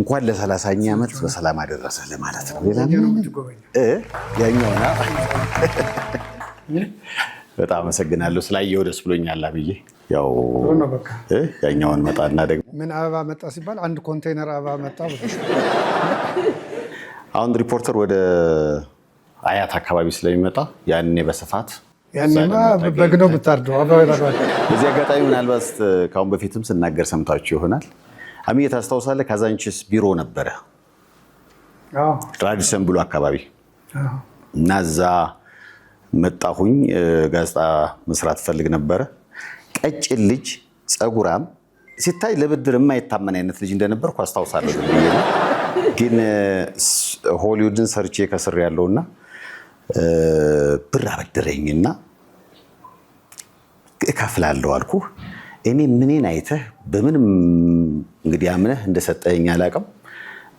እንኳን ለሰላሳኛ ዓመት በሰላም አደረሰ ለማለት ነው። ሌላ ያኛውና በጣም አመሰግናለሁ ስላየ ደስ ብሎኛል ብዬ ያው ያኛውን መጣና ደግሞ ምን አበባ መጣ ሲባል አንድ ኮንቴይነር አበባ መጣ። አሁን ሪፖርተር ወደ አያት አካባቢ ስለሚመጣ ያኔ በስፋት በግነው ብታርደው። በዚህ አጋጣሚ ምናልባት ከአሁን በፊትም ስናገር ሰምታችሁ ይሆናል አሚ ታስታውሳለህ? ካዛንችስ ቢሮ ነበረ ራዲሰን ብሎ አካባቢ እና እዛ መጣሁኝ። ጋዜጣ መስራት ፈልግ ነበረ። ቀጭን ልጅ ፀጉራም፣ ሲታይ ለብድር የማይታመን አይነት ልጅ እንደነበርኩ አስታውሳለሁ። ግን ሆሊውድን ሰርቼ ከስር ያለውና ብር አበደረኝና እከፍላለሁ አልኩህ። እኔ ምኔን አይተህ በምንም እንግዲህ አምነህ እንደሰጠኝ አላውቅም።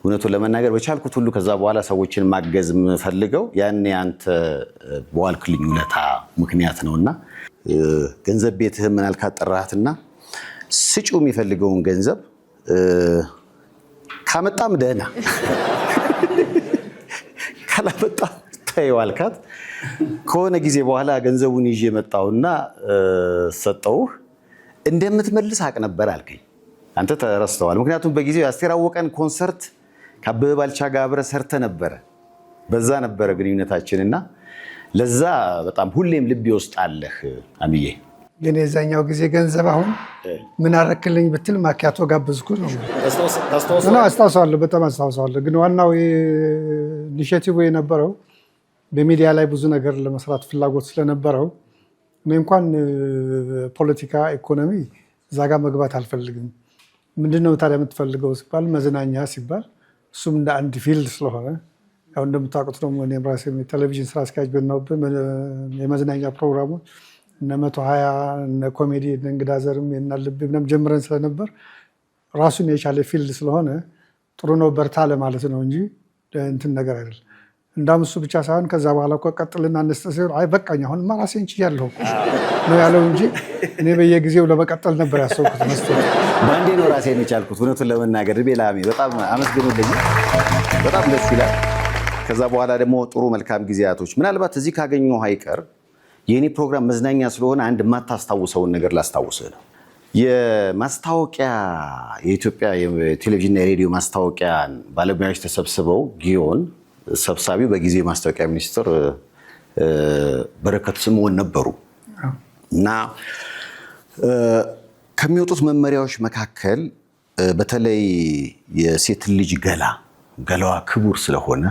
እውነቱን ለመናገር በቻልኩት ሁሉ ከዛ በኋላ ሰዎችን ማገዝ የምፈልገው ያኔ አንተ በዋልክልኝ ውለታ ምክንያት ነውና ገንዘብ ቤትህ ምናልካት ጠራሃትና ስጩ የሚፈልገውን ገንዘብ ካመጣም ደህና ካላመጣ ተይዋልካት ከሆነ ጊዜ በኋላ ገንዘቡን ይዤ መጣሁና ሰጠውህ እንደምትመልስ አቅ ነበር አልከኝ። አንተ ተረስተዋል። ምክንያቱም በጊዜው የአስቴር አወቀን ኮንሰርት ከአበበ ባልቻ ጋር ሰርተ ነበረ። በዛ ነበረ ግንኙነታችን እና ለዛ በጣም ሁሌም ልቤ ውስጥ አለህ አምዬ። ግን የዛኛው ጊዜ ገንዘብ አሁን ምን አረክልኝ ብትል ማኪያቶ ጋብዝኩ ነው አስታውሰዋለሁ፣ በጣም አስታውሰዋለሁ። ግን ዋናው ኢኒሽቲቭ የነበረው በሚዲያ ላይ ብዙ ነገር ለመስራት ፍላጎት ስለነበረው እኔ እንኳን ፖለቲካ፣ ኢኮኖሚ እዛ ጋር መግባት አልፈልግም። ምንድነው ታዲያ የምትፈልገው ሲባል መዝናኛ ሲባል እሱም እንደ አንድ ፊልድ ስለሆነ ያው እንደምታውቁት ደግሞ እኔም ራሴ የቴሌቪዥን ስራ አስኪያጅ ብናውብን የመዝናኛ ፕሮግራሞች እነ መቶ ሀያ እነ ኮሜዲ እነ እንግዳ ዘርም የናልብ ምናምን ጀምረን ስለነበር ራሱን የቻለ ፊልድ ስለሆነ ጥሩ ነው በርታ ለማለት ነው እንጂ እንትን ነገር አይደለም። እንዳውም እሱ ብቻ ሳይሆን ከዛ በኋላ እኮ ቀጥልና አነስተ ሲሆን አይ በቃኝ አሁን ማ ራሴን ችያለሁ ነው ያለው እንጂ እኔ በየጊዜው ለመቀጠል ነበር ያሰብኩት። መስቶ በአንዴ ነው ራሴን የቻልኩት። እውነቱን ለመናገር ቤላሜ በጣም አመስግኑልኝ። በጣም ደስ ይላል። ከዛ በኋላ ደግሞ ጥሩ መልካም ጊዜያቶች ምናልባት እዚህ ካገኘ አይቀር የእኔ ፕሮግራም መዝናኛ ስለሆነ አንድ የማታስታውሰውን ነገር ላስታውስህ ነው። የማስታወቂያ የኢትዮጵያ ቴሌቪዥንና የሬዲዮ ማስታወቂያ ባለሙያዎች ተሰብስበው ጊዮን ሰብሳቢው በጊዜ ማስታወቂያ ሚኒስትር በረከት ስምኦን ነበሩ እና ከሚወጡት መመሪያዎች መካከል በተለይ የሴት ልጅ ገላ ገላዋ ክቡር ስለሆነ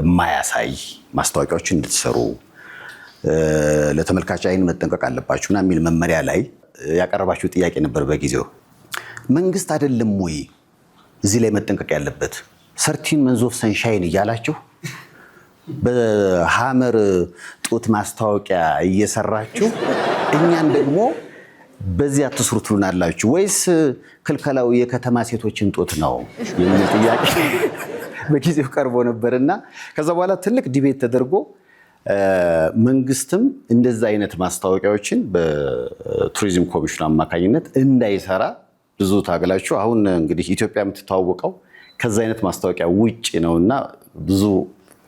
የማያሳይ ማስታወቂያዎች እንድትሰሩ ለተመልካች አይን መጠንቀቅ እና የሚል መመሪያ ላይ ያቀረባችሁ ጥያቄ ነበር። በጊዜው መንግስት አይደለም ወይ እዚህ ላይ መጠንቀቅ ያለበት ሰርቲን መንዞፍ ሰንሻይን እያላችሁ በሐመር ጡት ማስታወቂያ እየሰራችሁ እኛን ደግሞ በዚህ አትስሩ ትሉናላችሁ ወይስ ክልከላው የከተማ ሴቶችን ጡት ነው የሚል ጥያቄ በጊዜው ቀርቦ እና ከዛ በኋላ ትልቅ ዲቤት ተደርጎ መንግስትም እንደዛ አይነት ማስታወቂያዎችን በቱሪዝም ኮሚሽኑ አማካኝነት እንዳይሰራ ብዙ ታገላችሁ። አሁን እንግዲህ ኢትዮጵያ የምትተዋወቀው ከዛ አይነት ማስታወቂያ ውጭ ነውና ብዙ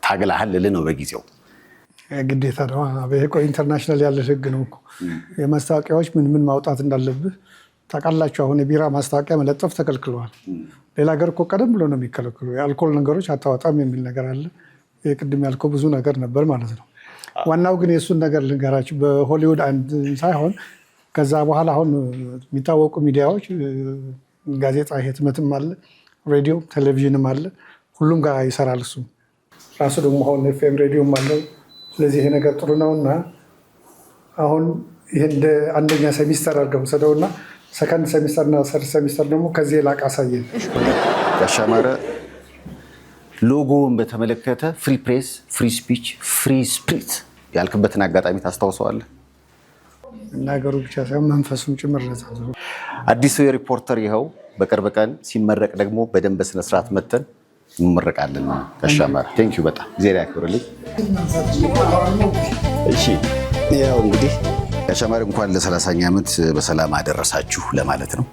ታግላህል ልልህ ነው በጊዜው ግዴታ ነው። አቤኮ ኢንተርናሽናል ያለ ህግ ነው እኮ የማስታወቂያዎች ምን ምን ማውጣት እንዳለብህ ታውቃላችሁ። አሁን የቢራ ማስታወቂያ መለጠፍ ተከልክለዋል። ሌላ ሀገር እኮ ቀደም ብሎ ነው የሚከለክሉ። የአልኮል ነገሮች አታወጣም የሚል ነገር አለ። ቅድም ያልከው ብዙ ነገር ነበር ማለት ነው። ዋናው ግን የእሱን ነገር ልንገራችሁ። በሆሊውድ አንድ ሳይሆን ከዛ በኋላ አሁን የሚታወቁ ሚዲያዎች ጋዜጣ፣ ህትመትም አለ ሬዲዮ፣ ቴሌቪዥንም አለ ሁሉም ጋር ይሰራል እሱ ራሱ ደግሞ አሁን ኤፍኤም ሬዲዮም አለው። ስለዚህ ይሄ ነገር ጥሩ ነው እና አሁን ይህ እንደ አንደኛ ሴሚስተር አድርገው ሰደው እና ሰከንድ ሴሚስተር እና ሰርድ ሴሚስተር ደግሞ ከዚህ ላቅ አሳየን። ያሻማረ ሎጎውን በተመለከተ ፍሪ ፕሬስ፣ ፍሪ ስፒች፣ ፍሪ ስፕሪት ያልክበትን አጋጣሚ ታስታውሰዋለህ? መናገሩ ብቻ ሳይሆን መንፈሱም ጭምር አዲሱ የሪፖርተር ይኸው በቅርብ ቀን ሲመረቅ ደግሞ በደንብ ስነስርዓት መተን እንመረቃለን ከሻማር ቴንኪዩ በጣም ዜና ያክብርልኝ። እሺ ያው እንግዲህ ከሻማር እንኳን ለሰላሳኛ ዓመት በሰላም አደረሳችሁ ለማለት ነው።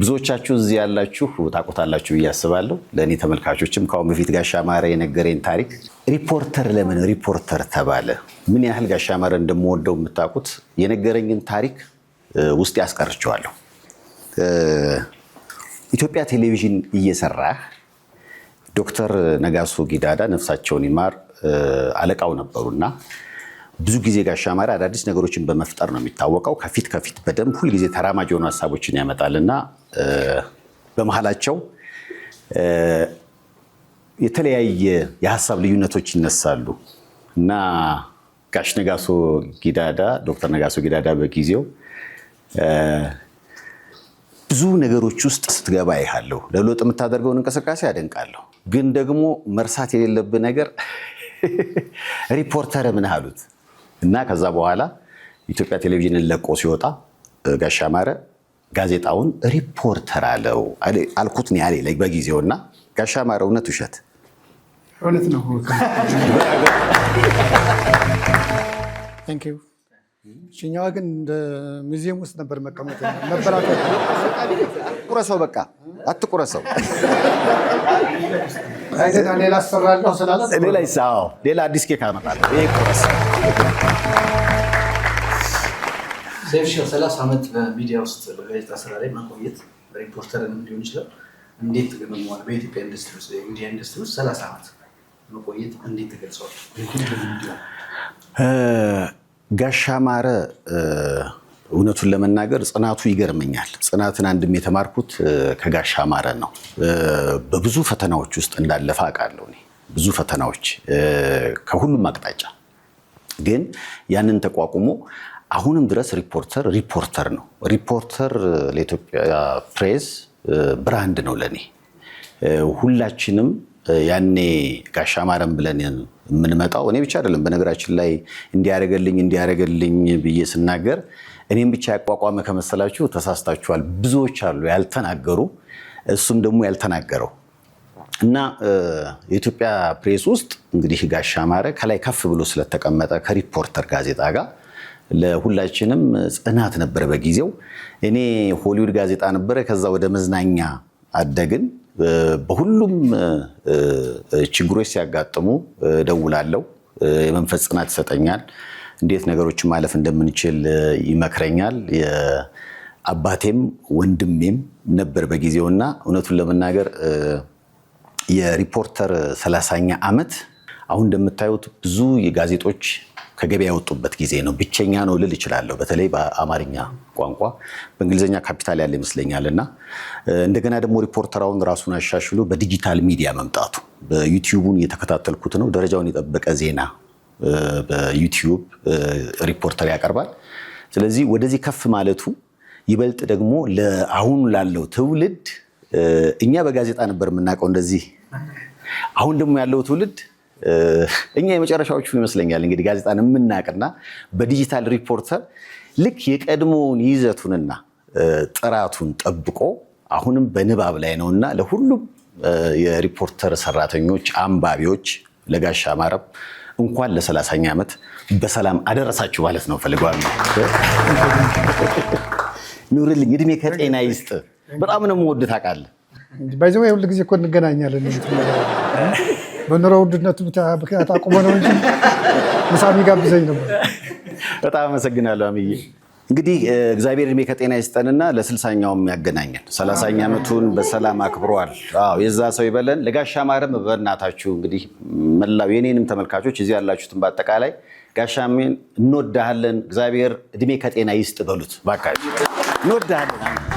ብዙዎቻችሁ እዚህ ያላችሁ ታቆታላችሁ ብዬ አስባለሁ። ለእኔ ተመልካቾችም ከአሁን በፊት ማረ የነገረኝ ታሪክ ሪፖርተር ለምን ሪፖርተር ተባለ፣ ምን ያህል ጋሻማረ እንደምወደው የምታውቁት የነገረኝን ታሪክ ውስጥ ያስቀርቸዋለሁ። ኢትዮጵያ ቴሌቪዥን እየሰራህ ዶክተር ነጋሶ ጊዳዳ ነፍሳቸውን ይማር አለቃው ነበሩና ብዙ ጊዜ ጋሻ ማሪ አዳዲስ ነገሮችን በመፍጠር ነው የሚታወቀው። ከፊት ከፊት በደንብ ሁልጊዜ ተራማጅ የሆኑ ሀሳቦችን ያመጣልና በመሀላቸው የተለያየ የሀሳብ ልዩነቶች ይነሳሉ እና ጋሽ ነጋሶ ጊዳዳ ዶክተር ነጋሶ ጊዳዳ በጊዜው ብዙ ነገሮች ውስጥ ስትገባ ይሃለሁ። ለለውጥ የምታደርገውን እንቅስቃሴ አደንቃለሁ። ግን ደግሞ መርሳት የሌለብህ ነገር ሪፖርተር ምን አሉት እና ከዛ በኋላ ኢትዮጵያ ቴሌቪዥንን ለቆ ሲወጣ ጋሽ አማረ ጋዜጣውን ሪፖርተር አለው አልኩት ነው ያለኝ በጊዜው። እና ጋሽ አማረ እውነት ውሸት እውነት ነው። እችኛዋ ግን እንደ ሙዚየም ውስጥ ነበር መቀመጥ ነበራት። ቁረሰው፣ በቃ አትቁረሰው። ሌላ አሰራለሁ ስላለ ሌላ ይሳው ሌላ አዲስ ኬክ አመጣለሁ። ይሄ ቁረሰው። ሰላሳ ዓመት በሚዲያ ውስጥ በጋዜጣ ስራ ላይ መቆየት ሪፖርተርንም ሊሆን ይችላል እንዴት ትገመመዋል? በኢትዮጵያ ኢንዱስትሪ ውስጥ የሚዲያ ኢንዱስትሪ ውስጥ ሰላሳ ዓመት መቆየት እንዴት ትገልጸዋል? ጋሻ ማረ እውነቱን ለመናገር ጽናቱ ይገርመኛል። ጽናትን አንድም የተማርኩት ከጋሻ ማረ ነው። በብዙ ፈተናዎች ውስጥ እንዳለፈ አውቃለሁ። ብዙ ፈተናዎች ከሁሉም አቅጣጫ ግን ያንን ተቋቁሞ አሁንም ድረስ ሪፖርተር ሪፖርተር ነው። ሪፖርተር ለኢትዮጵያ ፕሬስ ብራንድ ነው ለእኔ ሁላችንም ያኔ ጋሻ ማረም ብለን የምንመጣው እኔ ብቻ አይደለም። በነገራችን ላይ እንዲያደረገልኝ እንዲያደረገልኝ ብዬ ስናገር እኔም ብቻ ያቋቋመ ከመሰላችሁ ተሳስታችኋል። ብዙዎች አሉ ያልተናገሩ፣ እሱም ደግሞ ያልተናገረው እና የኢትዮጵያ ፕሬስ ውስጥ እንግዲህ ጋሻ ማረ ከላይ ከፍ ብሎ ስለተቀመጠ ከሪፖርተር ጋዜጣ ጋር ለሁላችንም ጽናት ነበረ በጊዜው። እኔ ሆሊውድ ጋዜጣ ነበረ፣ ከዛ ወደ መዝናኛ አደግን። በሁሉም ችግሮች ሲያጋጥሙ እደውላለሁ። የመንፈስ ጽናት ይሰጠኛል። እንዴት ነገሮችን ማለፍ እንደምንችል ይመክረኛል። አባቴም ወንድሜም ነበር በጊዜውና እውነቱን ለመናገር የሪፖርተር ሰላሳኛ ዓመት አሁን እንደምታዩት ብዙ የጋዜጦች ከገበያ የወጡበት ጊዜ ነው። ብቸኛ ነው ልል እችላለሁ። በተለይ በአማርኛ ቋንቋ በእንግሊዝኛ ካፒታል ያለ ይመስለኛል። እና እንደገና ደግሞ ሪፖርተራውን ራሱን አሻሽሎ በዲጂታል ሚዲያ መምጣቱ በዩቲዩቡን እየተከታተልኩት ነው። ደረጃውን የጠበቀ ዜና በዩቲዩብ ሪፖርተር ያቀርባል። ስለዚህ ወደዚህ ከፍ ማለቱ ይበልጥ ደግሞ ለአሁኑ ላለው ትውልድ እኛ በጋዜጣ ነበር የምናውቀው እንደዚህ አሁን ደግሞ ያለው ትውልድ እኛ የመጨረሻዎቹ ይመስለኛል እንግዲህ ጋዜጣን የምናቅና በዲጂታል ሪፖርተር ልክ የቀድሞውን ይዘቱንና ጥራቱን ጠብቆ አሁንም በንባብ ላይ ነውና ለሁሉም የሪፖርተር ሰራተኞች፣ አንባቢዎች ለጋሻ ማረብ እንኳን ለሰላሳኛ ዓመት በሰላም አደረሳችሁ ማለት ነው ፈልገዋል። ኑርልኝ፣ እድሜ ከጤና ይስጥ። በጣም ነው የምወድ ታውቃለህ። ባይዘ ጊዜ እኮ እንገናኛለን። በኑሮ ውድነቱ ምክንያት አቁሞ ነው እንጂ ምሳ የሚጋብዘኝ ነበር። በጣም አመሰግናለሁ አምዬ። እንግዲህ እግዚአብሔር እድሜ ከጤና ይስጠንና ለስልሳኛውም ያገናኘን። ሰላሳኛ ዓመቱን በሰላም አክብሯል። የዛ ሰው ይበለን። ለጋሻ ማረም በእናታችሁ እንግዲህ መላው የኔንም ተመልካቾች እዚህ ያላችሁትን በአጠቃላይ ጋሻሜን እንወዳሃለን። እግዚአብሔር እድሜ ከጤና ይስጥ በሉት ባካ፣ እንወዳሃለን